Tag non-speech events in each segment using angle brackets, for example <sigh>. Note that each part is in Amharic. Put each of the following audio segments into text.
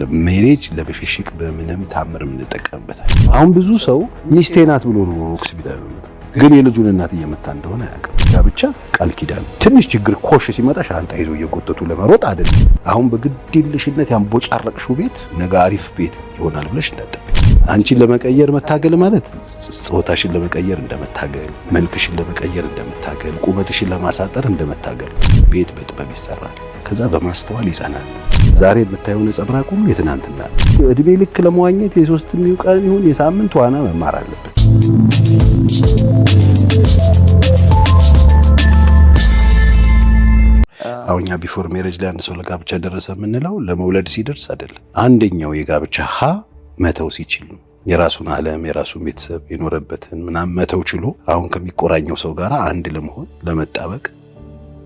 ለሜሬጅ ለበሸሽቅ በምንም ታምር የምንጠቀምበታል። አሁን ብዙ ሰው ሚስቴ ናት ብሎ ነው ሆስፒታል ግን የልጁን እናት እየመታ እንደሆነ አያውቅም። ጋብቻ ቃል ኪዳን ትንሽ ችግር ኮሽ ሲመጣ ሻንጣ ይዞ እየጎተቱ ለመሮጥ አይደለም። አሁን በግዴለሽነት ያንቦጫረቅሽው ቤት ነገ አሪፍ ቤት ይሆናል ብለሽ እንዳጠብቂ። አንቺን ለመቀየር መታገል ማለት ጾታሽን ለመቀየር እንደመታገል፣ መልክሽን ለመቀየር እንደመታገል፣ ቁመትሽን ለማሳጠር እንደመታገል። ቤት በጥበብ ይሰራል፣ ከዛ በማስተዋል ይጸናል። ዛሬ የምታየው ነጸብራቅ ሁሉ የትናንትና እድሜ ልክ ለመዋኘት የሶስት ቀን ይሁን የሳምንት ዋና መማር አለበት። አሁኛ ቢፎር ሜሬጅ ላይ አንድ ሰው ለጋብቻ ደረሰ የምንለው ለመውለድ ሲደርስ አይደለም። አንደኛው የጋብቻ ሀ መተው ሲችል ነው። የራሱን ዓለም የራሱን ቤተሰብ የኖረበትን ምናምን መተው ችሎ አሁን ከሚቆራኘው ሰው ጋር አንድ ለመሆን ለመጣበቅ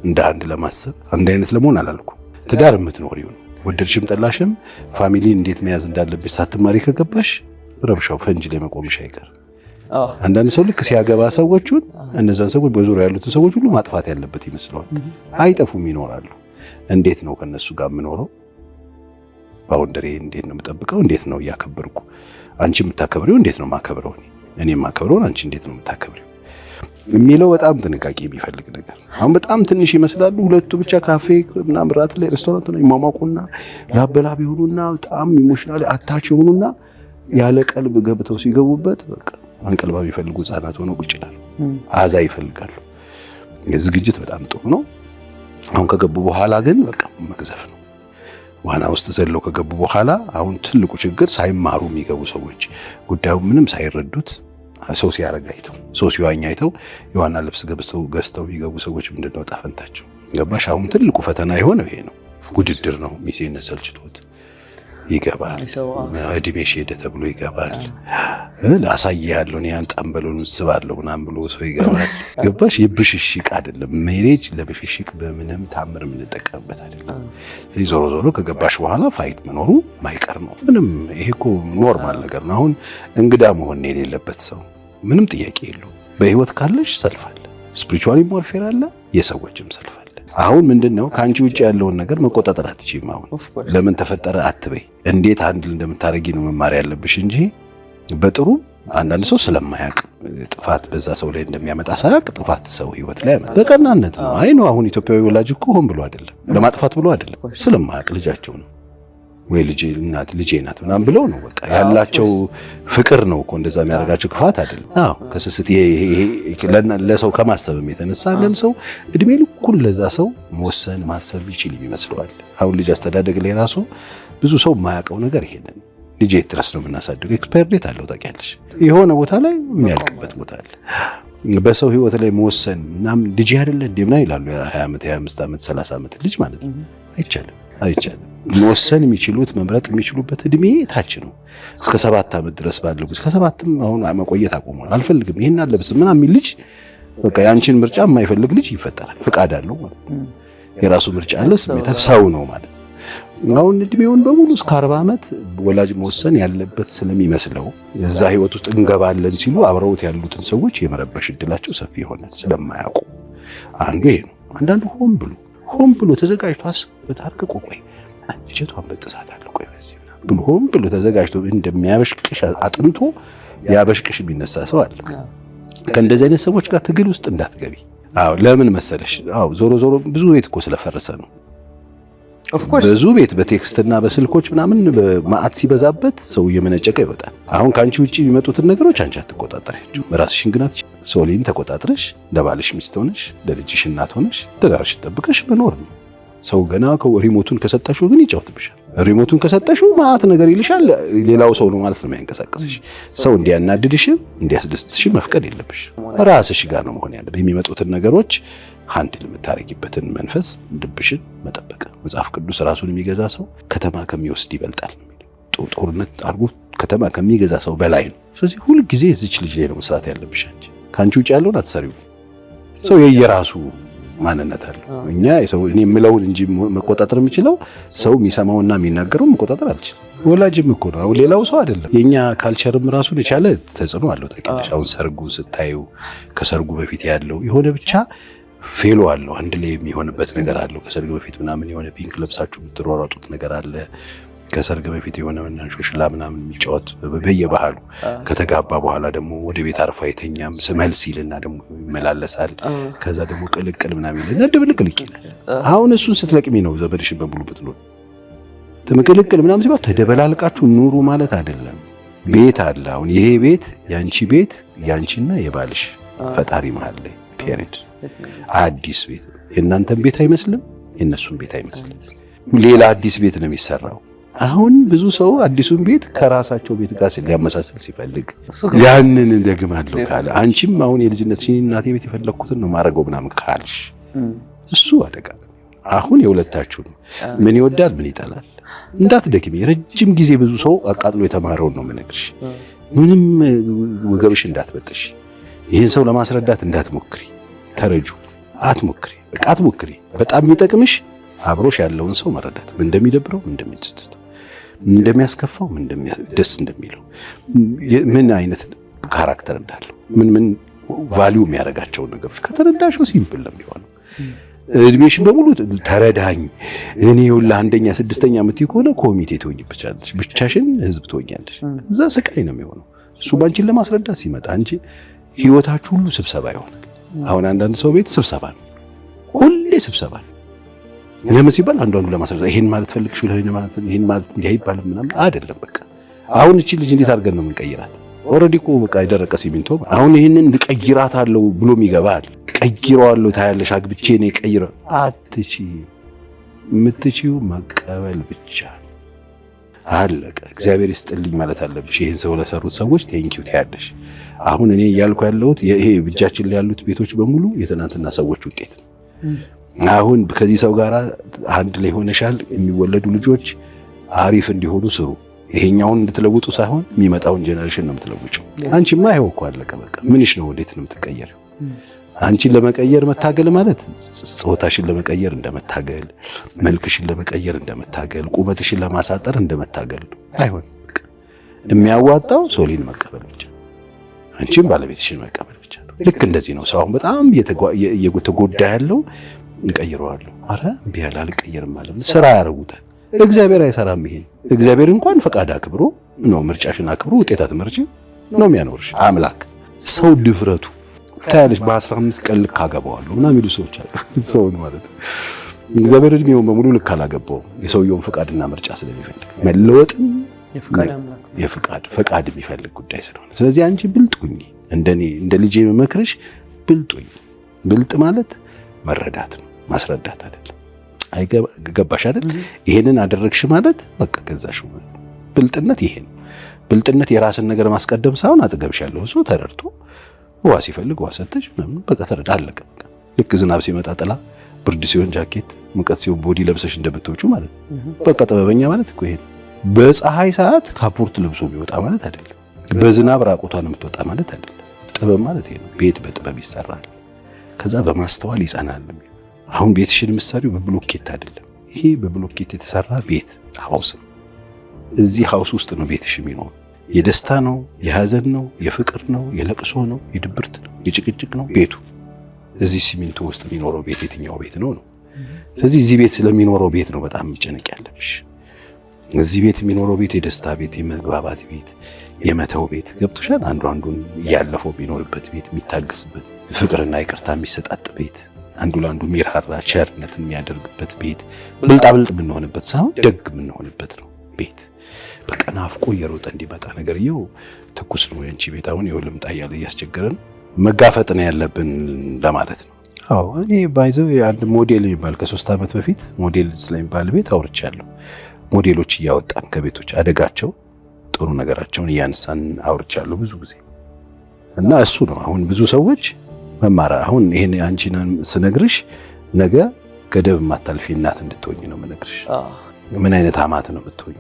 እንደ አንድ ለማሰብ አንድ አይነት ለመሆን አላልኩ። ትዳር የምትኖር ይሁን ወደድሽም ጠላሽም ፋሚሊን እንዴት መያዝ እንዳለብሽ ሳትማሪ ከገባሽ ረብሻው ፈንጅ ላይ መቆምሽ አይቀር። አንዳንድ ሰው ልክ ሲያገባ ሰዎቹን እነዛን ሰዎች በዙሪያ ያሉትን ሰዎች ሁሉ ማጥፋት ያለበት ይመስለዋል። አይጠፉም፣ ይኖራሉ። እንዴት ነው ከነሱ ጋር የምኖረው? ባውንደሪ እንዴት ነው የምጠብቀው? እንዴት ነው እያከበርኩ? አንቺ የምታከብሪው እንዴት ነው ማከብረው? እኔ ማከብረውን አንቺ እንዴት ነው የምታከብሪው? የሚለው በጣም ጥንቃቄ የሚፈልግ ነገር። አሁን በጣም ትንሽ ይመስላሉ ሁለቱ ብቻ ካፌ እና ምራት ላይ ሬስቶራንት ላይ ይሟሟቁና ላበላብ የሆኑና በጣም ኢሞሽናል አታች የሆኑና ያለ ቀልብ ገብተው ሲገቡበት በቃ አንቀልባ የሚፈልጉ ህጻናት ሆነው ቁጭ ይላሉ። አዛ ይፈልጋሉ። ዝግጅት በጣም ጥሩ ነው። አሁን ከገቡ በኋላ ግን በቃ መግዘፍ ነው። ዋና ውስጥ ዘለው ከገቡ በኋላ አሁን ትልቁ ችግር ሳይማሩ የሚገቡ ሰዎች ጉዳዩ ምንም ሳይረዱት ሰው ሲያደርግ አይተው ሰው ሲዋኝ አይተው የዋና ልብስ ገዝተው ቢገቡ ሰዎች ምንድን ነው ጣፈንታቸው? ገባሽ? አሁን ትልቁ ፈተና የሆነው ይሄ ነው። ውድድር ነው። ሚዜነት ሰልችቶት ይገባል። እድሜ ሄደ ተብሎ ይገባል። አሳየ ያለውን ያን ጣምበሉን ስባለሁ ምናምን ብሎ ሰው ይገባል። ገባሽ? የብሽሽቅ አይደለም ሜሬጅ። ለብሽሽቅ በምንም ታምር የምንጠቀምበት አይደለም። ዞሮ ዞሮ ከገባሽ በኋላ ፋይት መኖሩ ማይቀር ነው። ምንም ይሄ እኮ ኖርማል ነገር ነው። አሁን እንግዳ መሆን የሌለበት ሰው ምንም ጥያቄ የለው። በህይወት ካለሽ ሰልፍ አለ፣ ስፒሪቹዋል ዋርፌር አለ፣ የሰዎችም ሰልፍ አለ። አሁን ምንድን ነው ከአንቺ ውጭ ያለውን ነገር መቆጣጠር አትችይም። አሁን ለምን ተፈጠረ አትበይ። እንዴት አንድል እንደምታደረጊ ነው መማር ያለብሽ እንጂ በጥሩ አንዳንድ ሰው ስለማያውቅ ጥፋት በዛ ሰው ላይ እንደሚያመጣ ሳያውቅ ጥፋት ሰው ህይወት ላይ ያመጣ በቀናነት ነው። አይ ነው አሁን ኢትዮጵያዊ ወላጅ እኮ ሆን ብሎ አይደለም ለማጥፋት ብሎ አይደለም፣ ስለማያውቅ ልጃቸው ነው ወይ ልጄ እናት ልጄ ናት ምናምን ብለው ነው በቃ ያላቸው ፍቅር ነው እኮ እንደዛ የሚያደርጋቸው ክፋት አይደለም። አዎ ከስስት ለሰው ከማሰብም የተነሳ አንዳንድ ሰው እድሜ ልኩን ለዛ ሰው መወሰን ማሰብ ይችል ይመስለዋል። አሁን ልጅ አስተዳደግ ላይ ራሱ ብዙ ሰው የማያውቀው ነገር ይሄንን ልጄ ድረስ ነው የምናሳድገው። ኤክስፓየር ዴት አለው ታውቂያለሽ። የሆነ ቦታ ላይ የሚያልቅበት ቦታ አለ። በሰው ህይወት ላይ መወሰን ምናምን ልጅ አይደለ እንዴ ምናምን ይላሉ። 20 25 ዓመት 30 ዓመት ልጅ ማለት ነው አይቻልም አይቻልም። መወሰን የሚችሉት መምረጥ የሚችሉበት እድሜ ታች ነው። እስከ ሰባት ዓመት ድረስ ባለው ጊዜ ከሰባትም አሁን መቆየት አቆሟል። አልፈልግም ይህን አለብስ ምናምን የሚል ልጅ በቃ ምርጫ የማይፈልግ ልጅ ይፈጠራል። ፍቃድ አለው ማለት ነው። የራሱ ምርጫ አለ። ስሜታ ሰው ነው ማለት አሁን እድሜውን በሙሉ እስከ አርባ ዓመት ወላጅ መወሰን ያለበት ስለሚመስለው እዛ ህይወት ውስጥ እንገባለን ሲሉ አብረውት ያሉትን ሰዎች የመረበሽ እድላቸው ሰፊ የሆነ ስለማያውቁ አንዱ ይሄ ነው። አንዳንዱ ሆን ብሎ ሆን ብሎ ተዘጋጅቶ አስቦበት አርቅቆ ቆይ አንጀቷን አለ ቆይ በዚህ ብሎ ሆን ብሎ ተዘጋጅቶ እንደሚያበሽቅሽ አጥንቶ ያበሽቅሽ የሚነሳ ሰው አለ። ከእንደዚህ አይነት ሰዎች ጋር ትግል ውስጥ እንዳትገቢ። አዎ ለምን መሰለሽ? አዎ ዞሮ ዞሮ ብዙ ቤት እኮ ስለፈረሰ ነው። ብዙ ቤት በቴክስትና በስልኮች ምናምን ማዕት ሲበዛበት ሰው እየመነጨቀ ይወጣል። አሁን ከአንቺ ውጭ የሚመጡትን ነገሮች አንቺ አትቆጣጠሪያቸው። በራስሽ እንግናት ሶሊን ተቆጣጥረሽ ለባልሽ ሚስት ሆነሽ ለልጅሽ እናት ሆነሽ ትዳርሽ ጠብቀሽ መኖር ነው። ሰው ገና ሪሞቱን ከሰጠሽው ግን ይጫወትብሻል። ሪሞቱን ከሰጠሽው ማአት ነገር ይልሻል። ሌላው ሰው ነው ማለት ነው የሚያንቀሳቀስሽ። ሰው እንዲያናድድሽም እንዲያስደስትሽ መፍቀድ የለብሽ። ራስሽ ጋር ነው መሆን ያለብህ። የሚመጡትን ነገሮች ሃንድል የምታደርጊበትን መንፈስ ልብሽን መጠበቅ። መጽሐፍ ቅዱስ ራሱን የሚገዛ ሰው ከተማ ከሚወስድ ይበልጣል። ጦርነት አድርጎ ከተማ ከሚገዛ ሰው በላይ ነው። ስለዚህ ሁልጊዜ እዚች ልጅ ላይ ነው መስራት ያለብሽ። አንቺ ከአንቺ ውጭ ያለውን አትሰሪው። ሰው የየራሱ ማንነት አለው። እኛ የሰው እኔ የምለውን እንጂ መቆጣጠር የምችለው ሰው የሚሰማውና የሚናገረው መቆጣጠር አልችልም። ወላጅም እኮ ነው አሁን ሌላው ሰው አይደለም። የእኛ ካልቸርም ራሱን የቻለ ተጽዕኖ አለው። ታውቂያለሽ፣ አሁን ሰርጉ ስታዩ ከሰርጉ በፊት ያለው የሆነ ብቻ ፌሎ አለው አንድ ላይ የሚሆንበት ነገር አለው። ከሰርግ በፊት ምናምን የሆነ ፒንክ ለብሳችሁ የምትሯሯጡት ነገር አለ ከሰርግ በፊት የሆነ ሾሽላ ምናምን የሚጫወት በየባህሉ ከተጋባ በኋላ ደግሞ ወደ ቤት አርፎ አይተኛም። ስመል ሲልና ደግሞ ይመላለሳል። ከዛ ደግሞ ቅልቅል ምናምን ይልና ድብልቅልቅ ይላል። አሁን እሱን ስትለቅሚ ነው ዘመድሽን በሙሉበት ብትሎ ትምቅልቅል ምናምን ሲባል ተደበላልቃችሁ ኑሩ ማለት አይደለም። ቤት አለ። አሁን ይሄ ቤት ያንቺ ቤት ያንቺና የባልሽ ፈጣሪ መሀል ላይ ፔሬድ አዲስ ቤት የእናንተን ቤት አይመስልም፣ የእነሱን ቤት አይመስልም። ሌላ አዲስ ቤት ነው የሚሰራው። አሁን ብዙ ሰው አዲሱን ቤት ከራሳቸው ቤት ጋር ሊያመሳሰል ሲፈልግ ያንን ደግማለሁ ካለ አንቺም አሁን የልጅነት እናቴ ቤት የፈለግኩትን ነው ማድረገው ምናምን ካልሽ እሱ አደጋ። አሁን የሁለታችሁ ምን ይወዳል ምን ይጠላል እንዳትደክሚ። ረጅም ጊዜ ብዙ ሰው አቃጥሎ የተማረውን ነው የምነግርሽ። ምንም ወገብሽ እንዳትበጥሽ፣ ይህን ሰው ለማስረዳት እንዳትሞክሪ፣ ተረጁ አትሞክሪ፣ በቃ አትሞክሪ። በጣም የሚጠቅምሽ አብሮሽ ያለውን ሰው መረዳት፣ ምን እንደሚደብረው፣ ምን እንደሚያስደስተው እንደሚያስከፋው ደስ እንደሚለው ምን አይነት ካራክተር እንዳለው ምን ምን ቫሊዩ የሚያደርጋቸውን ነገሮች ከተረዳሽው ሲምፕል ነው የሚሆነው። እድሜሽን በሙሉ ተረዳኝ እኔ ሁላ አንደኛ ስድስተኛ ዓመት ከሆነ ኮሚቴ ትሆኝብቻለሽ፣ ብቻሽን ህዝብ ትሆኛለች። እዛ ስቃይ ነው የሚሆነው። እሱ ባንቺን ለማስረዳት ሲመጣ አንቺ ህይወታችሁ ሁሉ ስብሰባ ይሆናል። አሁን አንዳንድ ሰው ቤት ስብሰባ ነው፣ ሁሌ ስብሰባ ነው። ለምን ሲባል አንዱ አንዱ ለማስረዳት ይሄን ማለት ፈልግሽ ይሄን ማለት ይሄን ማለት አይባልም ምናምን አይደለም። በቃ አሁን እቺ ልጅ እንዴት አድርገን ነው የምንቀይራት? ኦልሬዲ እኮ በቃ የደረቀ ሲሚንቶ። አሁን ይሄንን ልቀይራት አለው ብሎ የሚገባል ቀይረዋለሁ፣ ታያለሽ፣ አግብቼ ነው ቀይረ አትቺ የምትችው መቀበል ብቻ አለቀ። እግዚአብሔር ይስጥልኝ ማለት አለብሽ። ይህን ሰው ለሰሩት ሰዎች ቴንኪው ትያለሽ። አሁን እኔ እያልኩ ያለሁት ይሄ እጃችን ላይ ያሉት ቤቶች በሙሉ የትናንትና ሰዎች ውጤት ነው። አሁን ከዚህ ሰው ጋር አንድ ላይ ሆነሻል። የሚወለዱ ልጆች አሪፍ እንዲሆኑ ስሩ። ይሄኛውን እንድትለውጡ ሳይሆን የሚመጣውን ጀነሬሽን ነው የምትለውጭው። አንቺማ ይኸው እኮ አለቀ በቃ። ምንሽ ነው ወዴት ነው የምትቀየር? አንቺን ለመቀየር መታገል ማለት ጾታሽን ለመቀየር እንደመታገል፣ መልክሽን ለመቀየር እንደመታገል፣ ቁመትሽን ለማሳጠር እንደመታገል አይሆን የሚያዋጣው ሶሊን መቀበል ብቻ፣ አንቺም ባለቤትሽን መቀበል ብቻ ነው። ልክ እንደዚህ ነው ሰው አሁን በጣም እየተጎዳ ያለው እቀይረዋለሁ። አረ እምቢ አለ አልቀየርም አለ ስራ ያደርጉታል። እግዚአብሔር አይሰራም ይሄን። እግዚአብሔር እንኳን ፈቃድ አክብሮ ነው ምርጫሽን አክብሮ ውጤታት መርጭ ነው የሚያኖርሽ አምላክ። ሰው ድፍረቱ ታያለሽ። በ15 ቀን ልክ አገባዋለሁ ምናምን የሚሉ ሰዎች አሉ። <laughs> ሰውን ማለት ነው እግዚአብሔር እድሜውን በሙሉ ልክ አላገባውም። የሰውየውን ፈቃድና ምርጫ ስለሚፈልግ መለወጥም የፍቃድ ፈቃድ የሚፈልግ ጉዳይ ስለሆነ፣ ስለዚህ አንቺ ብልጡኝ እንደኔ እንደ ልጄ መመክርሽ ብልጡኝ ብልጥ ማለት መረዳት ነው። ማስረዳት አይደለም። ገባሽ አይደል? ይሄንን አደረግሽ ማለት በቃ ገዛሽ። ብልጥነት ይሄ ነው። ብልጥነት የራስን ነገር ማስቀደም ሳይሆን አጠገብሽ ያለው ሰው ተረድቶ ውሃ ሲፈልግ ዋ ሰተሽ ምናምን በቃ ተረዳ፣ አለቀ። ልክ ዝናብ ሲመጣ ጥላ፣ ብርድ ሲሆን ጃኬት፣ ሙቀት ሲሆን ቦዲ ለብሰሽ እንደምትወጪው ማለት ነው። በቃ ጥበበኛ ማለት እኮ ይሄ በፀሐይ ሰዓት ካፖርት ለብሶ ቢወጣ ማለት አይደለም። በዝናብ ራቆቷን የምትወጣ ማለት አይደለም። ጥበብ ማለት ይሄ ነው። ቤት በጥበብ ይሰራል፣ ከዛ በማስተዋል ይጸናል። አሁን ቤትሽን ምሳሌው በብሎኬት አይደለም። ይሄ በብሎኬት የተሰራ ቤት ሀውስ ነው። እዚህ ሀውስ ውስጥ ነው ቤትሽ የሚኖር። የደስታ ነው፣ የሀዘን ነው፣ የፍቅር ነው፣ የለቅሶ ነው፣ የድብርት ነው፣ የጭቅጭቅ ነው ቤቱ። እዚህ ሲሚንቶ ውስጥ የሚኖረው ቤት የትኛው ቤት ነው ነው? ስለዚህ እዚህ ቤት ስለሚኖረው ቤት ነው በጣም የሚጨነቅ ያለብሽ። እዚህ ቤት የሚኖረው ቤት የደስታ ቤት፣ የመግባባት ቤት፣ የመተው ቤት ገብቶሻል። አንዱ አንዱን እያለፈው የሚኖርበት ቤት፣ የሚታገስበት፣ ፍቅርና ይቅርታ የሚሰጣጥ ቤት አንዱ ለአንዱ የሚራራ ቸርነት የሚያደርግበት ቤት፣ ብልጣብልጥ የምንሆንበት ሳይሆን ደግ የምንሆንበት ነው ቤት። በቃ ናፍቆ እየሮጠ እንዲመጣ ነገርየው ትኩስ ነው። የአንቺ ቤት አሁን ይኸው ልምጣ እያለ እያስቸገረን መጋፈጥ ነው ያለብን ለማለት ነው። አዎ እኔ ባይዘው አንድ ሞዴል የሚባል ከሶስት ዓመት በፊት ሞዴል ስለሚባል ቤት አውርቻለሁ። ሞዴሎች እያወጣን ከቤቶች አደጋቸው ጥሩ ነገራቸውን እያነሳን አውርቻለሁ ብዙ ጊዜ እና እሱ ነው አሁን ብዙ ሰዎች መማር አሁን ይሄን አንቺን ስነግርሽ ነገ ገደብ የማታልፊ እናት እንድትሆኝ ነው የምነግርሽ። ምን አይነት አማት ነው የምትሆኝ?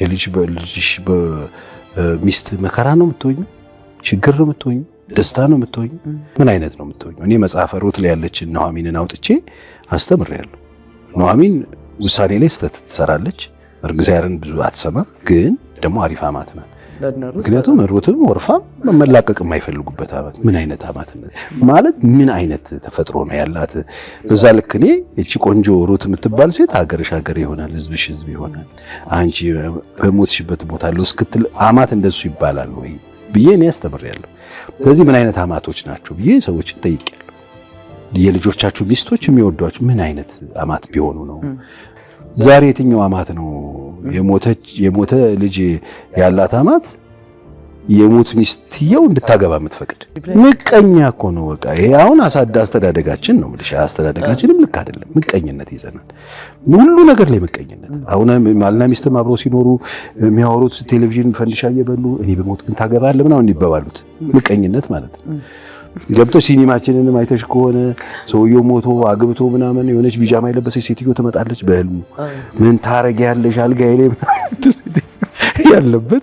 የልጅ በልጅሽ በሚስት መከራ ነው የምትሆኝ? ችግር ነው የምትሆኝ? ደስታ ነው የምትሆኝ? ምን አይነት ነው የምትሆኝ? እኔ መጽሐፈ ሩት ላይ ያለችን ኑኃሚንን አውጥቼ አስተምሬያለሁ። ኑኃሚን ውሳኔ ላይ ስተት ትሰራለች። እግዚአብሔርን ብዙ አትሰማም፣ ግን ደግሞ አሪፍ አማት ናት። ምክንያቱም ሩትም ወርፋም መላቀቅ የማይፈልጉበት አባት ምን አይነት አባትነት ማለት ምን አይነት ተፈጥሮ ነው ያላት? በዛ ልክ እኔ እቺ ቆንጆ ሩት የምትባል ሴት ሀገርሽ ሀገር ይሆናል፣ ህዝብሽ ህዝብ ይሆናል፣ አንቺ በሞትሽበት ቦታ አለው እስክትል አማት እንደሱ ይባላል ወይ ብዬ እኔ አስተምሬያለሁ። ስለዚህ ምን አይነት አማቶች ናቸው ብዬ ሰዎችን ጠይቄያለሁ። የልጆቻችሁ ሚስቶች የሚወዷቸው ምን አይነት አማት ቢሆኑ ነው? ዛሬ የትኛው አማት ነው የሞተ ልጅ ያላት አማት የሞት ሚስትየው እንድታገባ የምትፈቅድ ምቀኛ እኮ ነው። በቃ ይሄ አሁን አሳዳ አስተዳደጋችን ነው ምልሽ አስተዳደጋችንም ልክ አይደለም። ምቀኝነት ይዘናል፣ ሁሉ ነገር ላይ ምቀኝነት። አሁን ባልና ሚስትም አብረው ሲኖሩ የሚያወሩት ቴሌቪዥን ፈንዲሻ እየበሉ እኔ በሞት ግን ታገባለህ ምናምን ይባባሉት ምቀኝነት ማለት ነው። ገብቶ ሲኒማችንን አይተሽ ከሆነ ሰውየው ሞቶ አግብቶ ምናምን የሆነች ቢጃማ የለበሰች ሴትዮ ትመጣለች በህልሙ ምን ታረጊያለሽ አልጋዬ ላይ <laughs> ያለበት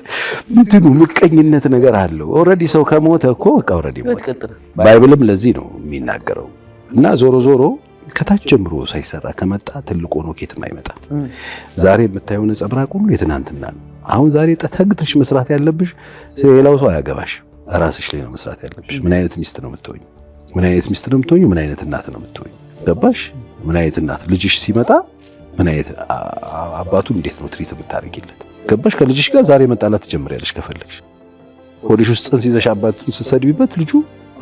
እንትኑ ምቀኝነት ነገር አለው። ኦልሬዲ ሰው ከሞተ እኮ በቃ ኦልሬዲ ባይብልም ለዚህ ነው የሚናገረው። እና ዞሮ ዞሮ ከታች ጀምሮ ሳይሰራ ከመጣ ትልቅ ሆኖ ከየትም አይመጣም። ዛሬ የምታየው ነጸብራቅ ሁሉ የትናንትና ነው። አሁን ዛሬ ተግተሽ መስራት ያለብሽ ሌላው ሰው አያገባሽ። ራስሽ ላይ ነው መስራት ያለብሽ። ምን አይነት ሚስት ነው የምትሆኝ? ምን አይነት ሚስት ነው የምትሆኝ? ምን አይነት እናት ነው የምትሆኝ? ገባሽ? ምን አይነት እናት ልጅሽ ሲመጣ ምን አይነት አባቱን እንዴት ነው ትሪት የምታደርጊለት? ገባሽ? ከልጅሽ ጋር ዛሬ መጣላት ትጀምሪያለሽ ከፈለግሽ። ሆድሽ ውስጥ ጽንስ ይዘሽ አባቱን ስትሰድቢበት ልጁ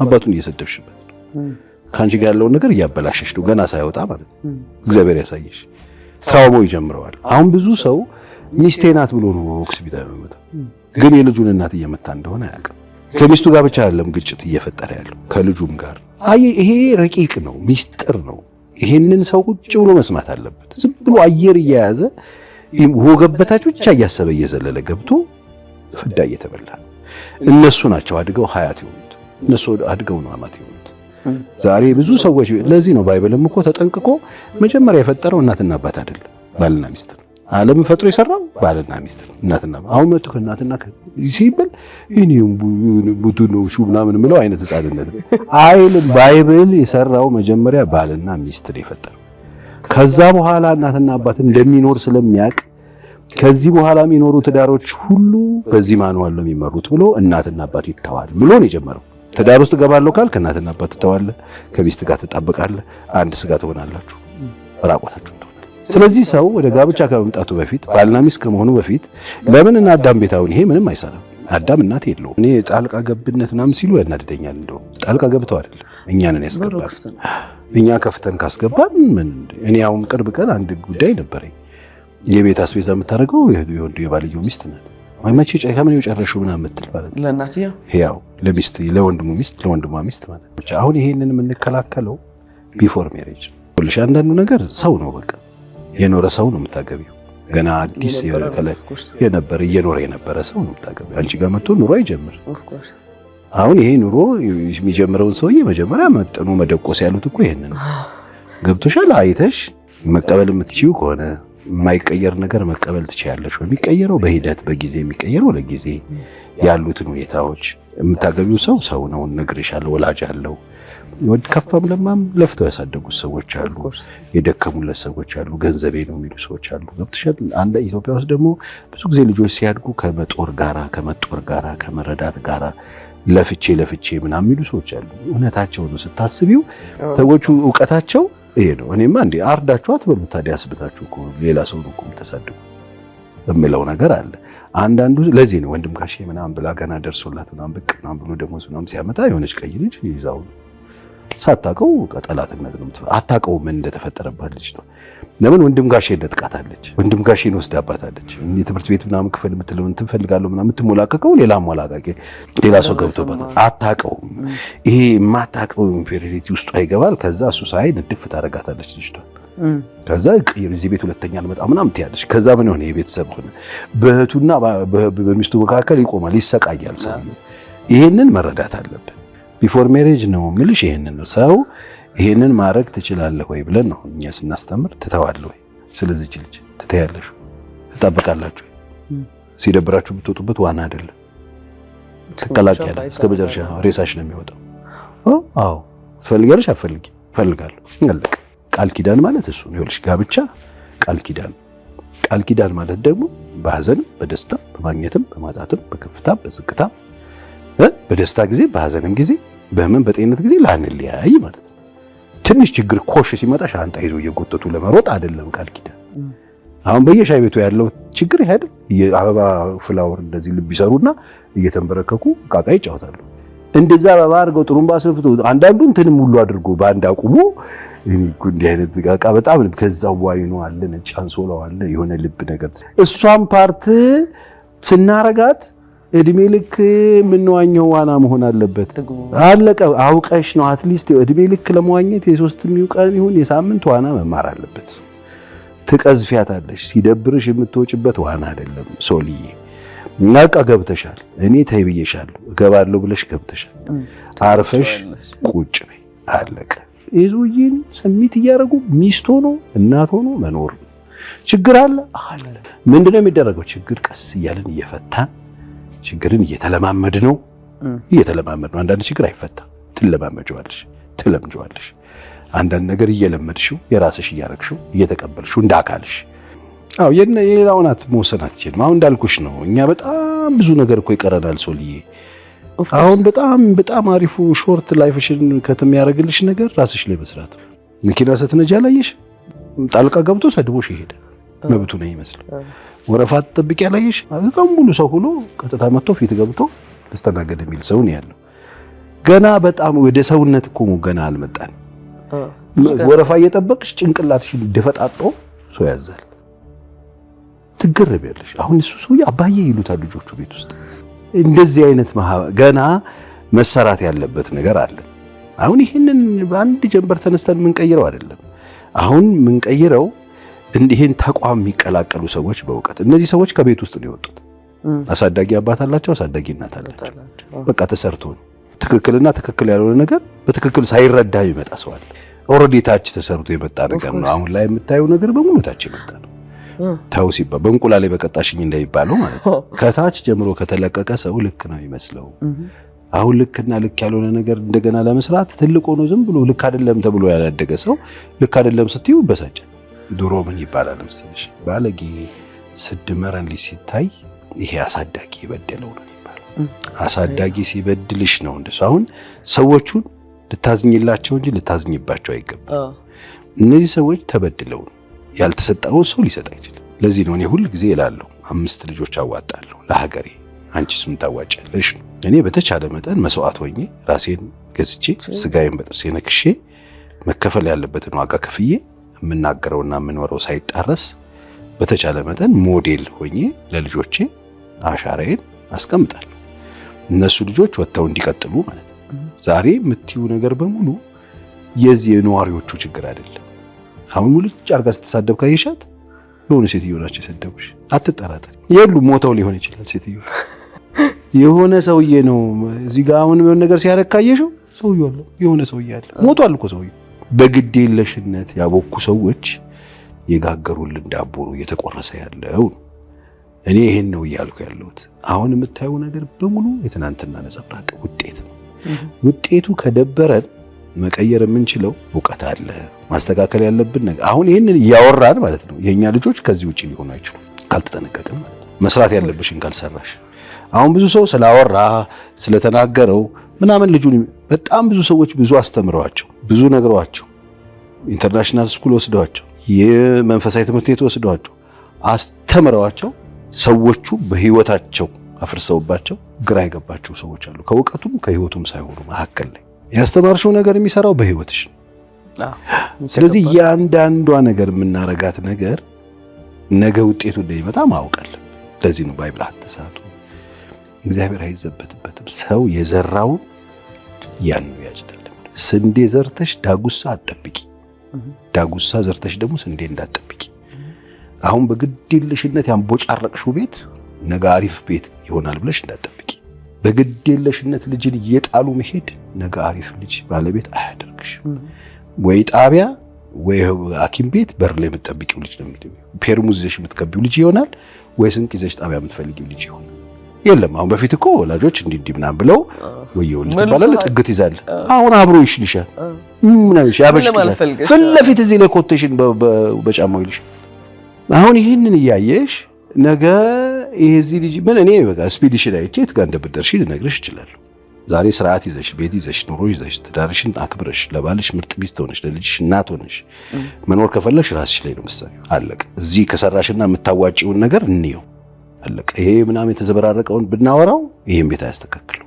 አባቱን እየሰደብሽበት ነው። ከአንቺ ጋር ያለውን ነገር እያበላሸሽ ነው፣ ገና ሳይወጣ ማለት ነው። እግዚአብሔር ያሳየሽ። ትራውማው ይጀምረዋል። አሁን ብዙ ሰው ሚስቴ ናት ብሎ ነው ኦክስ ቢታ ግን የልጁን እናት እየመታ እንደሆነ አያውቅም። ከሚስቱ ጋር ብቻ አይደለም ግጭት እየፈጠረ ያለው ከልጁም ጋር። አይ ይሄ ረቂቅ ነው፣ ሚስጥር ነው። ይሄንን ሰው ቁጭ ብሎ መስማት አለበት። ዝም ብሎ አየር እየያዘ ወገበታች ብቻ እያሰበ እየዘለለ ገብቶ ፍዳ እየተበላ እነሱ ናቸው አድገው ሀያት የሆኑት እነሱ አድገው ነው አማት የሆኑት። ዛሬ ብዙ ሰዎች ለዚህ ነው ባይበልም እኮ ተጠንቅቆ መጀመሪያ የፈጠረው እናትና አባት አይደለም፣ ባልና ሚስት ዓለምን ፈጥሮ የሰራው ባልና ሚስት እናትና አሁን መጥቶ ከእናትና ሲብል ይህን ቡቱን ውሹ ምናምን ምለው አይነት ህፃንነት አይል ባይብል የሰራው መጀመሪያ ባልና ሚስት ነው የፈጠረው ከዛ በኋላ እናትና አባት እንደሚኖር ስለሚያውቅ ከዚህ በኋላ የሚኖሩ ትዳሮች ሁሉ በዚህ ማንዋል ነው የሚመሩት ብሎ እናትና አባት ይተዋል ብሎ ነው የጀመረው። ትዳር ውስጥ ገባለሁ ካል ከእናትና አባት ትተዋለ፣ ከሚስት ጋር ትጣበቃለ፣ አንድ ስጋ ትሆናላችሁ፣ ራቆታችሁ ስለዚህ ሰው ወደ ጋብቻ ከመምጣቱ በፊት ባልና ሚስት ከመሆኑ በፊት ለምን እና አዳም ቤታውን ይሄ ምንም አይሰራም። አዳም እናት የለው። እኔ ጣልቃ ገብነት ምናምን ሲሉ ያናድደኛል። እንደው ጣልቃ ገብተው አይደለም እኛንን ያስገባል። እኛ ከፍተን ካስገባን ምን እኔ አሁን ቅርብ ቀን አንድ ጉዳይ ነበረኝ። የቤት አስቤዛ የምታደርገው የወንዱ የባልየው ሚስት ናት። ማይማቼ ጨካ ምን ይጨረሹ ምናምን የምትል ማለት ለእናትየው ያው ለሚስት ለወንድሙ ሚስት ለወንድሟ ሚስት ማለት ነው። አሁን ይሄንን የምንከላከለው ቢፎር ሜሬጅ ሁልሽ አንዳንዱ ነገር ሰው ነው በቃ የኖረ ሰው ነው የምታገቢው። ገና አዲስ የነበረ እየኖረ የነበረ ሰው ነው የምታገቢው። አንቺ ጋር መጥቶ ኑሮ አይጀምር። አሁን ይሄ ኑሮ የሚጀምረውን ሰውዬ መጀመሪያ መጥኖ መደቆስ ያሉት እኮ ይሄን ነው። ገብቶሻል? አይተሽ መቀበል የምትችይው ከሆነ የማይቀየር ነገር መቀበል ትችያለሽ። የሚቀየረው በሂደት በጊዜ የሚቀየረው ለጊዜ ያሉትን ሁኔታዎች። የምታገቢው ሰው ሰው ነው፣ ነግርሻለሁ፣ ወላጅ አለው ከፋም ለማም ለፍተው ያሳደጉት ሰዎች አሉ፣ የደከሙለት ሰዎች አሉ፣ ገንዘቤ ነው የሚሉ ሰዎች አሉ። ገብትሻል? አንድ ኢትዮጵያ ውስጥ ደግሞ ብዙ ጊዜ ልጆች ሲያድጉ ከመጦር ጋራ ከመጦር ጋራ ከመረዳት ጋራ ለፍቼ ለፍቼ ምናም የሚሉ ሰዎች አሉ። እውነታቸው ነው ስታስቢው፣ oh. ሰዎቹ እውቀታቸው ይሄ ነው። እኔማ እንዴ አርዳችሁ አትበሉ ታዲያ አስብታችሁ እኮ ሌላ ሰው ነው እኮ የምታሳድጉ እምለው ነገር አለ። አንዳንዱ ለዚህ ነው ወንድም ጋሼ ምናም ብላ ገና ደርሶላት ምናምን ብቅ ምናምን ብሎ ደሞዝ ምናምን ሲያመጣ የሆነች ቀይ ልጅ ይዛው ነው ሳታውቀው ጠላትነት ነው። አታውቀው ምን እንደተፈጠረባት ልጅ ነው። ለምን ወንድም ጋሼን እንደጥቃታለች ወንድም ጋሼን ወስዳባታለች። የትምህርት ቤት ምናምን ክፍል የምትለውን ትፈልጋለሁ ምናምን የምትሞላቀቀው ሌላ ሞላቃቂ ሌላ ሰው ገብቶበት አታውቀውም። ይሄ የማታውቀው ኢንፌሪሪቲ ውስጧ ይገባል። ከዛ እሱ ሳይ ንድፍ ታደርጋታለች ልጅቷን። ከዛ ቅይር እዚህ ቤት ሁለተኛ አልመጣም ምናምን ትያለች። ከዛ ምን ሆነ የቤተሰብ ሆነ በእህቱና በሚስቱ መካከል ይቆማል፣ ይሰቃያል ሰው። ይሄንን መረዳት አለብን። ቢፎር ሜሬጅ ነው ምልሽ። ይሄንን ነው ሰው ይሄንን ማድረግ ትችላለህ ወይ ብለን ነው እኛ ስናስተምር። ትተዋለ ወይ ስለዚች ልጅ ትተያለሽ፣ ትጣበቃላችሁ። ሲደብራችሁ የምትወጡበት ዋና አይደለም፣ ትቀላቅ ያለ እስከ መጨረሻ ሬሳሽ ነው የሚወጣው። አዎ ትፈልጊያለሽ፣ አትፈልጊ ፈልጋለሁ። አለቀ። ቃል ኪዳን ማለት እሱ ነው። ይኸውልሽ ጋብቻ ቃል ኪዳን ቃል ኪዳን ማለት ደግሞ በሐዘንም በደስታ በማግኘትም በማጣትም በከፍታም በዝቅታም በደስታ ጊዜ፣ በሐዘንም ጊዜ፣ በህመም በጤንነት ጊዜ ላንለያይ ማለት ነው። ትንሽ ችግር ኮሽ ሲመጣ ሻንጣ ይዞ እየጎተቱ ለመሮጥ አይደለም ቃል ኪዳን። አሁን በየሻይ ቤቱ ያለው ችግር ይሄ አይደል? የአበባ ፍላወር እንደዚህ ልብ ይሰሩና እየተንበረከኩ ቃቃ ይጫወታሉ። እንደዛ አበባ አድርገው ጥሩምባ ስንፍቶ አንዳንዱ እንትንም ሁሉ አድርጎ በአንድ አቁሞ እንዲህ አይነት ቃቃ በጣም ከዛ ዋይኖ አለ ነጭ አንሶላው አለ የሆነ ልብ ነገር እሷን ፓርት ስናረጋት እድሜ ልክ የምንዋኘው ዋና መሆን አለበት። አለቀ። አውቀሽ ነው አትሊስት እድሜ ልክ ለመዋኘት የሶስት ቀን ይሁን የሳምንት ዋና መማር አለበት። ትቀዝፊያታለሽ። ሲደብርሽ የምትወጭበት ዋና አይደለም። ሶልዬ ናቃ ገብተሻል። እኔ ተይ ብዬሻለሁ። እገባለሁ ብለሽ ገብተሻል። አርፈሽ ቁጭ በይ። አለቀ። የዙይን ስሜት እያደረጉ ሚስት ሆኖ እናት ሆኖ መኖር ችግር አለ አለ። ምንድነው የሚደረገው? ችግር ቀስ እያለን እየፈታን ችግርን እየተለማመድ ነው እየተለማመድ ነው። አንዳንድ ችግር አይፈታ፣ ትለማመጀዋለሽ፣ ትለምጀዋለሽ። አንዳንድ ነገር እየለመድሽው የራስሽ እያረግሽው እየተቀበልሽው እንዳካልሽ። የነ የሌላውን መውሰን አትችልም። አሁን እንዳልኩሽ ነው። እኛ በጣም ብዙ ነገር እኮ ይቀረናል ሶልዬ። አሁን በጣም በጣም አሪፉ ሾርት ላይፍሽን ከትም ያደርግልሽ ነገር ራስሽ ላይ መስራት። መኪና ስትነጂ አላየሽ? ጣልቃ ገብቶ ሰድቦሽ ይሄደ መብቱ ነው ይመስል ወረፋ ተጠብቂ ያላየሽ በጣም ሙሉ ሰው ሆኖ ቀጥታ መጥቶ ፊት ገብቶ ተስተናገደ የሚል ሰው ነው ያለው። ገና በጣም ወደ ሰውነት እኮ ገና አልመጣን። ወረፋ እየጠበቅሽ ጭንቅላትሽን ደፈጣጦ ሰው ያዛል። ትገረቢያለሽ። አሁን እሱ ሰውዬ አባዬ ይሉታል ልጆቹ ቤት ውስጥ። እንደዚህ አይነት ገና መሰራት ያለበት ነገር አለ። አሁን ይህንን በአንድ ጀንበር ተነስተን የምንቀይረው አይደለም። አሁን የምንቀይረው እንዲህን ተቋም የሚቀላቀሉ ሰዎች በእውቀት እነዚህ ሰዎች ከቤት ውስጥ ነው የወጡት። አሳዳጊ አባት አላቸው፣ አሳዳጊ እናት አላቸው። በቃ ተሰርቶ ነው ትክክልና ትክክል ያልሆነ ነገር በትክክል ሳይረዳ ይመጣ ሰው አለ። ኦልሬዲ ታች ተሰርቶ የመጣ ነገር ነው። አሁን ላይ የምታየው ነገር በሙሉ ታች የመጣ ነው። ተው ሲባል ላይ በቀጣሽኝ እንዳይባለው ማለት ነው። ከታች ጀምሮ ከተለቀቀ ሰው ልክ ነው የሚመስለው። አሁን ልክና ልክ ያልሆነ ነገር እንደገና ለመስራት ትልቅ ሆኖ ዝም ብሎ ልክ አይደለም ተብሎ ያላደገ ሰው ልክ አይደለም ስትዩ ይበሳጫል። ድሮ ምን ይባላል መሰለሽ፣ ባለጌ ስድ ልጅ ሲታይ ይሄ አሳዳጊ የበደለው ነው ይባላል። አሳዳጊ ሲበድልሽ ነው እንደሱ። አሁን ሰዎቹን ልታዝኝላቸው እንጂ ልታዝኝባቸው አይገባም። እነዚህ ሰዎች ተበድለው ነው ያልተሰጠውን ሰው ሊሰጥ አይችልም። ለዚህ ነው እኔ ሁል ጊዜ እላለሁ አምስት ልጆች አዋጣለሁ ለሀገሬ፣ አንቺ ስም ታዋጫለሽ? እኔ በተቻለ መጠን መስዋዕት ሆኜ ራሴን ገዝቼ ስጋዬን በጥርሴ ነክሼ መከፈል ያለበትን ዋጋ ከፍዬ የምናገረውና የምኖረው ሳይጣረስ በተቻለ መጠን ሞዴል ሆኜ ለልጆቼ አሻራዬን አስቀምጣለሁ። እነሱ ልጆች ወጥተው እንዲቀጥሉ ማለት ነው። ዛሬ የምትዩ ነገር በሙሉ የዚህ የነዋሪዎቹ ችግር አይደለም። አሁን ሙሉ ጫርጋ ስትሳደብ ካየሻት የሆኑ ሴትዮ ናቸው የሰደቡሽ። አትጠራጠሪ። የሉ ሞተው ሊሆን ይችላል። ሴትዮ የሆነ ሰውዬ ነው እዚህ ጋር አሁን የሆነ ነገር ሲያረግ ካየሽው አለ። የሆነ ሰውዬ አለ። ሞቷል እኮ ሰውዬ የለሽነት ያቦኩ ሰዎች የጋገሩልን ዳቦ ነው እየተቆረሰ ያለው። እኔ ይሄን ነው እያልኩ ያለሁት። አሁን የምታየው ነገር በሙሉ የትናንትና ነጸብራቅ ውጤት ነው። ውጤቱ ከደበረን መቀየር የምንችለው እውቀት አለ። ማስተካከል ያለብን ነገር አሁን ይህንን እያወራን ማለት ነው። የእኛ ልጆች ከዚህ ውጭ ሊሆኑ አይችሉም፣ ካልተጠነቀቅን መስራት ያለብሽን ካልሰራሽ። አሁን ብዙ ሰው ስላወራ ስለተናገረው ምናምን ልጁን በጣም ብዙ ሰዎች ብዙ አስተምረዋቸው ብዙ ነግረዋቸው ኢንተርናሽናል ስኩል ወስደዋቸው የመንፈሳዊ ትምህርት ቤት ወስደዋቸው አስተምረዋቸው ሰዎቹ በህይወታቸው አፍርሰውባቸው ግራ የገባቸው ሰዎች አሉ። ከእውቀቱም ከህይወቱም ሳይሆኑ መካከል ላይ ያስተማርሽው ነገር የሚሰራው በህይወትሽ። ስለዚህ የአንዳንዷ ነገር የምናረጋት ነገር ነገ ውጤቱ እንደሚመጣ ማወቅ ለዚህ ነው ባይብል አትሳቱ፣ እግዚአብሔር አይዘበትበትም፣ ሰው የዘራውን ያን ያጭዳል። ስንዴ ዘርተሽ ዳጉሳ አጠብቂ፣ ዳጉሳ ዘርተሽ ደግሞ ስንዴ እንዳጠብቂ። አሁን በግዴለሽነት ያንቦጫረቅሽው ቤት ነገ አሪፍ ቤት ይሆናል ብለሽ እንዳጠብቂ። በግዴለሽነት ልጅን እየጣሉ መሄድ ነገ አሪፍ ልጅ ባለቤት አያደርግሽ። ወይ ጣቢያ ወይ ሐኪም ቤት በር ላይ የምትጠብቂው ልጅ ነው። ፔርሙዝ ይዘሽ የምትከቢው ልጅ ይሆናል። ወይ ስንቅ ይዘሽ ጣቢያ የምትፈልጊው ልጅ ይሆናል። የለም አሁን በፊት እኮ ወላጆች እንዲህ እንዲህ ምናምን ብለው ወየውልህ ትባላለህ፣ ጥግ ትይዛለህ። አሁን አብሮ ይሽልሻል፣ ምናምን ያበሽልሻል፣ ፊት ለፊት እዚህ ላይ ኮቴሽን በጫማው ይልሽ። አሁን ይህንን እያየሽ ነገ ይሄ እዚህ ልጅ ምን እኔ በቃ ስፒድሽን አይቼ የት ጋር እንደምትደርሺ ልነግርሽ እችላለሁ። ዛሬ ስርዓት ይዘሽ ቤት ይዘሽ ኑሮ ይዘሽ ትዳርሽን አክብረሽ ለባልሽ ምርጥ ሚስት ሆነሽ ለልጅሽ እናት ሆነሽ መኖር ከፈለግሽ ራስሽ ላይ ነው ምሳሌ። አለቀ። እዚህ ከሰራሽና የምታዋጪውን ነገር እንየው። አለቀ። ይሄ ምናምን የተዘበራረቀውን ብናወራው ይሄን ቤት አያስተካክለው።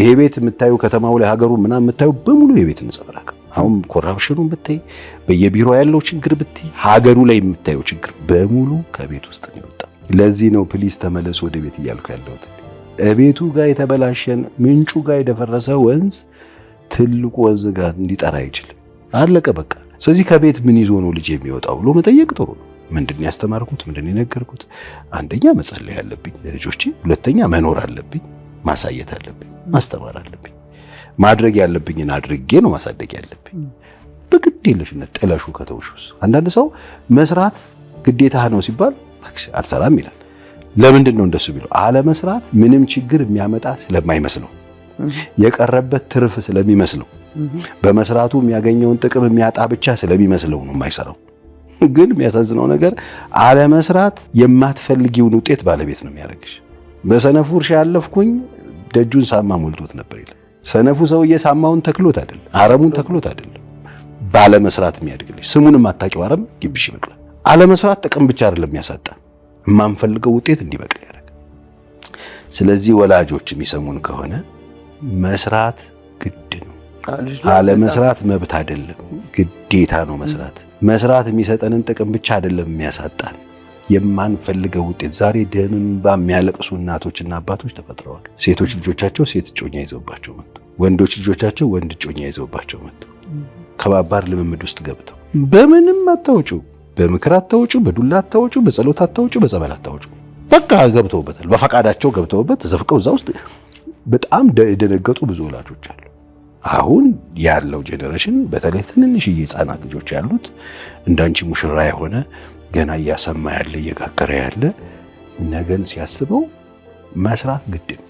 ይሄ ቤት የምታዩ ከተማው ላይ ሀገሩ ምናምን የምታዩ በሙሉ የቤት ነጸብራቅ፣ አሁን ኮራፕሽኑን ብታይ፣ በየቢሮ ያለው ችግር ብታይ፣ ሀገሩ ላይ የምታየው ችግር በሙሉ ከቤት ውስጥ ነው የወጣው። ለዚህ ነው ፕሊስ ተመለሱ ወደ ቤት እያልኩ ያለሁት። እቤቱ ጋር የተበላሸን ምንጩ ጋር የደፈረሰ ወንዝ ትልቁ ወንዝ ጋር እንዲጠራ አይችልም። አለቀ በቃ። ስለዚህ ከቤት ምን ይዞ ነው ልጅ የሚወጣው ብሎ መጠየቅ ጥሩ ነው። ምንድን ያስተማርኩት ምንድን የነገርኩት? አንደኛ መጸለይ አለብኝ ለልጆቼ፣ ሁለተኛ መኖር አለብኝ፣ ማሳየት አለብኝ፣ ማስተማር አለብኝ። ማድረግ ያለብኝን አድርጌ ነው ማሳደግ ያለብኝ። በግድ የለሽነት ጥለሹ ከተውሹስ። አንዳንድ ሰው መስራት ግዴታ ነው ሲባል አልሰራም ይላል። ለምንድን ነው እንደሱ ቢለው? አለመስራት ምንም ችግር የሚያመጣ ስለማይመስለው የቀረበት ትርፍ ስለሚመስለው በመስራቱ የሚያገኘውን ጥቅም የሚያጣ ብቻ ስለሚመስለው ነው የማይሰራው። <laughs> ግን የሚያሳዝነው ነገር አለመስራት የማትፈልጊውን ውጤት ባለቤት ነው የሚያደርግሽ። በሰነፉ እርሻ ያለፍኩኝ ደጁን ሳማ ሞልቶት ነበር ይለ ሰነፉ ሰውዬ ሳማውን ተክሎት አይደለም፣ አረሙን ተክሎት አይደለም። ባለመስራት የሚያድግልሽ ስሙን አታውቂው አረም ግብሽ ይበቅላል። አለመስራት ጥቅም ብቻ አይደለም የሚያሳጣ የማንፈልገው ውጤት እንዲበቅል ያደርግ። ስለዚህ ወላጆች የሚሰሙን ከሆነ መስራት ግድ ነው። አለመስራት መብት አይደለም፣ ግዴታ ነው መስራት። መስራት የሚሰጠንን ጥቅም ብቻ አይደለም የሚያሳጣን፣ የማንፈልገው ውጤት። ዛሬ ደም እንባ የሚያለቅሱ እናቶችና አባቶች ተፈጥረዋል። ሴቶች ልጆቻቸው ሴት እጮኛ ይዘውባቸው መጡ። ወንዶች ልጆቻቸው ወንድ እጮኛ ይዘውባቸው መጡ። ከባባር ልምምድ ውስጥ ገብተው በምንም አታውጩ፣ በምክር አታውጩ፣ በዱላ አታውጩ፣ በጸሎት አታውጩ፣ በጸበል አታውጩ። በቃ ገብተውበታል። በፈቃዳቸው ገብተውበት ዘፍቀው እዛ ውስጥ በጣም የደነገጡ ብዙ ወላጆች አሉ። አሁን ያለው ጄኔሬሽን በተለይ ትንንሽ የህፃናት ልጆች ያሉት እንዳንቺ ሙሽራ የሆነ ገና እያሰማ ያለ እየጋገረ ያለ ነገን ሲያስበው መስራት ግድም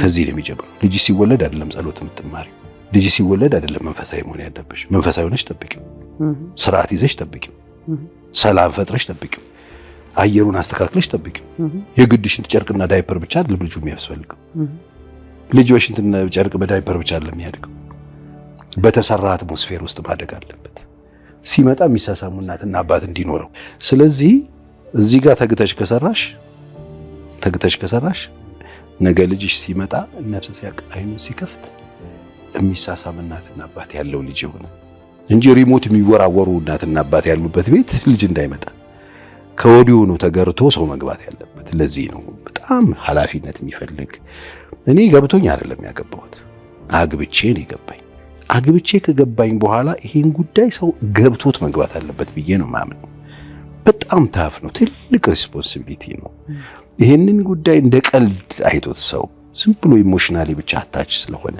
ከዚህ ነው የሚጀምረው። ልጅ ሲወለድ አይደለም ጸሎት የምትማሪ፣ ልጅ ሲወለድ አይደለም መንፈሳዊ መሆን ያለብሽ። መንፈሳዊ ሆነሽ ጠብቂው፣ ስርዓት ይዘሽ ጠብቂው፣ ሰላም ፈጥረሽ ጠብቂው፣ አየሩን አስተካክለሽ ጠብቂው። የግድሽን ጨርቅና ዳይፐር ብቻ አይደለም ልጁ የሚያስፈልገው ልጅ ዋሽንግተን ጨርቅ በዳይፐር ብቻ ለሚያድገው በተሰራ አትሞስፌር ውስጥ ማደግ አለበት። ሲመጣ የሚሳሳሙ እናትና አባት እንዲኖረው። ስለዚህ እዚህ ጋር ተግተሽ ከሰራሽ ተግተሽ ከሰራሽ ነገ ልጅሽ ሲመጣ ነፍስ ሲያቅ አይኑን ሲከፍት የሚሳሳም እናትና አባት ያለው ልጅ ይሆናል እንጂ ሪሞት የሚወራወሩ እናትና አባት ያሉበት ቤት ልጅ እንዳይመጣ ከወዲሁ ነው ተገርቶ ሰው መግባት ያለበት። ለዚህ ነው በጣም ኃላፊነት የሚፈልግ እኔ ገብቶኝ አይደለም ያገባሁት፣ አግብቼ ነው የገባኝ። አግብቼ ከገባኝ በኋላ ይሄን ጉዳይ ሰው ገብቶት መግባት አለበት ብዬ ነው ማምን። በጣም ታፍ ነው፣ ትልቅ ሪስፖንሲቢሊቲ ነው። ይሄንን ጉዳይ እንደ ቀልድ አይቶት ሰው ዝም ብሎ ኢሞሽናሊ ብቻ አታች ስለሆነ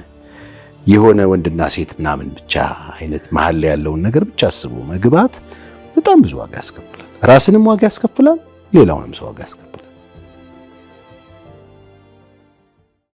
የሆነ ወንድና ሴት ምናምን ብቻ አይነት መሀል ላይ ያለውን ነገር ብቻ አስቦ መግባት በጣም ብዙ ዋጋ ያስከፍላል። ራስንም ዋጋ ያስከፍላል፣ ሌላውንም ሰው ዋጋ ያስከፍላል።